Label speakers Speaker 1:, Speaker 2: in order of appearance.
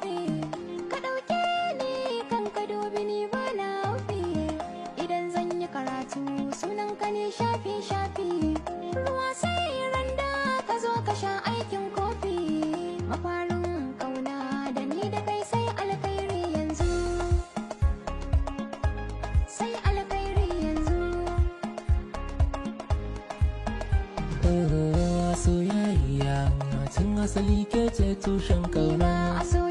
Speaker 1: kaɗauke ka ɗauke kan ka dobi ni ba na haufi idan zan yi karatu sunan ka ne shafi shafi ruwa sai randa ka zo ka sha aikin kofi mafarin kauna da ni da kai sai alkhairi yanzu sai alkhairi yanzu
Speaker 2: tun asali ke ce tushen kauna